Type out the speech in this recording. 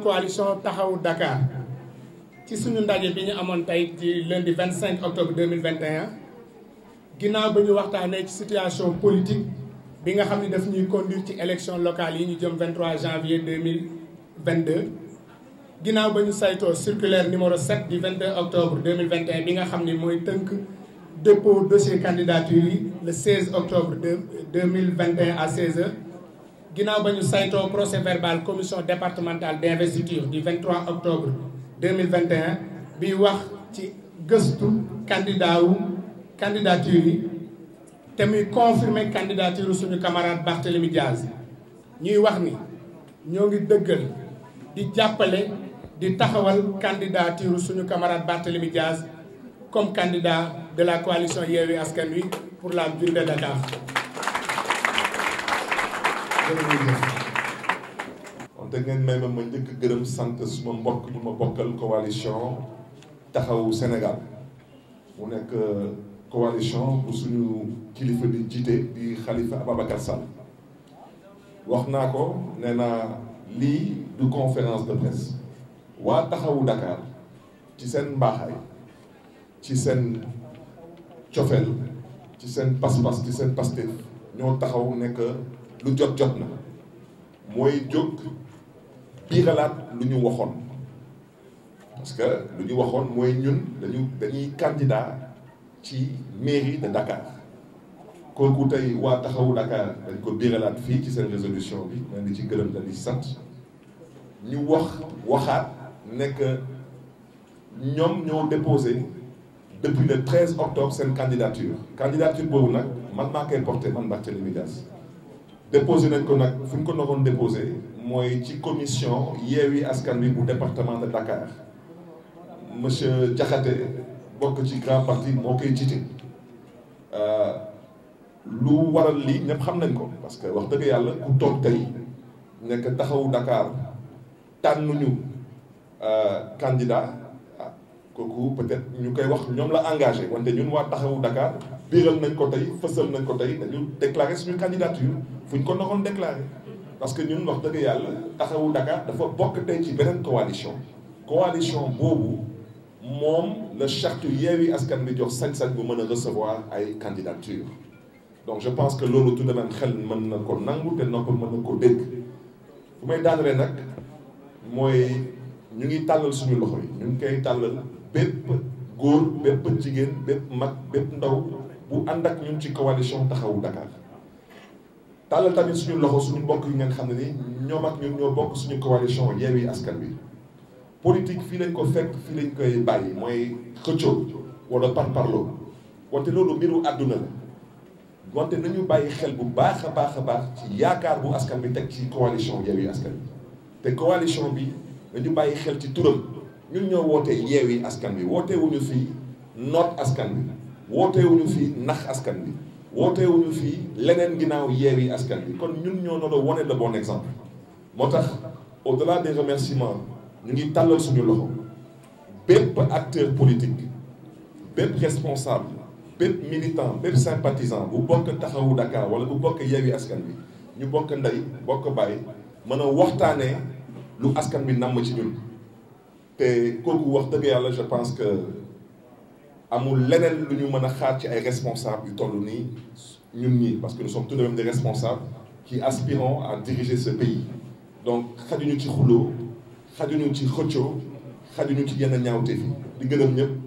coalition taxawu Dakar ci suñu ndaje bi ñu amoon tey ci lundi 25 octobre 2021 ginnaaw ba ñu waxtaanee ci situation politique bi nga xam ni daf ñuy conduire ci élection locale yi ñu jëm 23 janvier 2022 ginnaaw ba ñu saytoo circulaire numéro 7 du 22 octobre 2021 bi nga xam ni mooy tënk dépôt dossier candidature yi le 16 octobre 2021 à 16h ginnaaw ba ñu saytoo procès verbal commission départementale d' investiture du 23 octobre 2021 bi wax ci gëstu candidat wu yi te muy confirmer candidature suñu camarade Barthélémy Diaz ñuy wax ni ñoo ngi dëggal di jàppale di taxawal candidature suñu camarade Barthélémy Diaz comme candidat de la coalition Yewwi Askan Wi pour la ville de Dakar kon da ngeen may ma ma njëkk gërëm sant suma mbokk bu ma bokkal coalition taxawu Sénégal mu nekk euh, coalition bu suñu kilifa di jiite di Khalifa Ababacar Sall wax naa ko nee naa lii du conférence de presse waa taxawu Dakar ci seen mbaaxaay ci seen cofeel ci seen pas-pas ci seen Pastef ñoo taxaw nekk lu jot jot na mooy jóg biiralaat lu ñu waxoon parce que lu ñu waxoon mooy ñun dañu dañuy candidat ci mairie de Dakar kooku tey waa taxawu Dakar dañ ko biiralaat fii ci seen résolution bi maa ngi ci gërëm dañuy sant ñu wax waxaat nekk ñoom ñoo déposé depuis le 13 octobre seen candidature candidature boobu nag man maa koy porté man Barthélémy Dias déposé nañ ko nag fu ñu ko naroon déposé mooy ci commission Yewwi Askan Wi bu département de Dakar monsieur Diakhaté bokk ci grand parti moo koy jiite euh, lu waral lii ñëpp xam nañ ko parce que wax dëgg yàlla ku toog tey nekk taxawu Dakar tànnuñu euh, candidat kooku peut-être ñu koy wax ñoom la engagé wante ñun waa taxawu Dakar biiral nañ ko tey fësal nañ ko tey dañu déclaré suñu candidature fu ñu ko naroon déclaré parce que ñun wax dëgg yàlla taxawu Dakar dafa bokk tey ci beneen coalition coalition boobu moom la charte Yewwi Askan Wi jox sañ-sañ bu mën a recevoir ay candidature donc je pense que loolu tout de même xel mën na ko nangu te nopp mën na ko dégg fu may daanelee nag mooy ñu ngi tàllal suñu loxo yi ñu bépp góor bépp jigéen bépp mag bépp ndaw bu ànd ak ñun ci coalition taxawu Dakar tàllal tamit suñu loxo suñu mbokk yi ngeen xam ne ni ñoom ak ñun ñoo bokk suñu coalition Yewwi Askan Wi politique fii lañ ko fekk fii lañ koy bàyyi mooy xëccoo wala parparloo wante loolu mbiru àdduna la wante nañu bàyyi xel bu baax a baax a baax ci yaakaar bu askan bi teg ci coalition Yewwi Askan Wi te coalition bi nañu bàyyi xel ci turam ñun ñoo wootee yeewi askan wi wooteewuñu fii noot askan wi wootewuñu fi nax askan wi wootewuñu fii leneen ginnaaw yeewi askan bi kon ñun ñoo noonu wane le bon exemple moo tax au-delà des remerciements ñu ngi tàllal suñu loxo bépp acteur politique bépp responsable bépp militant bépp sympathisant bu bokk taxawu Dakar wala bu bokk yeewi askan wi ñu bokk nday bokk bàyyi mën a waxtaanee lu askan bi namm ci ñun te kooku wax dëgg yàlla je pense que amul leneen lu ñu mën a xaar ci ay responsables yu toll nii ñun ñii parce que nous sommes tout de même des responsables qui aspirons à diriger ce pays donc xajuñu ci xuloo xajuñu ci xëccoo xajuñu ci yenn ñaawte fi di gërëm ñëpp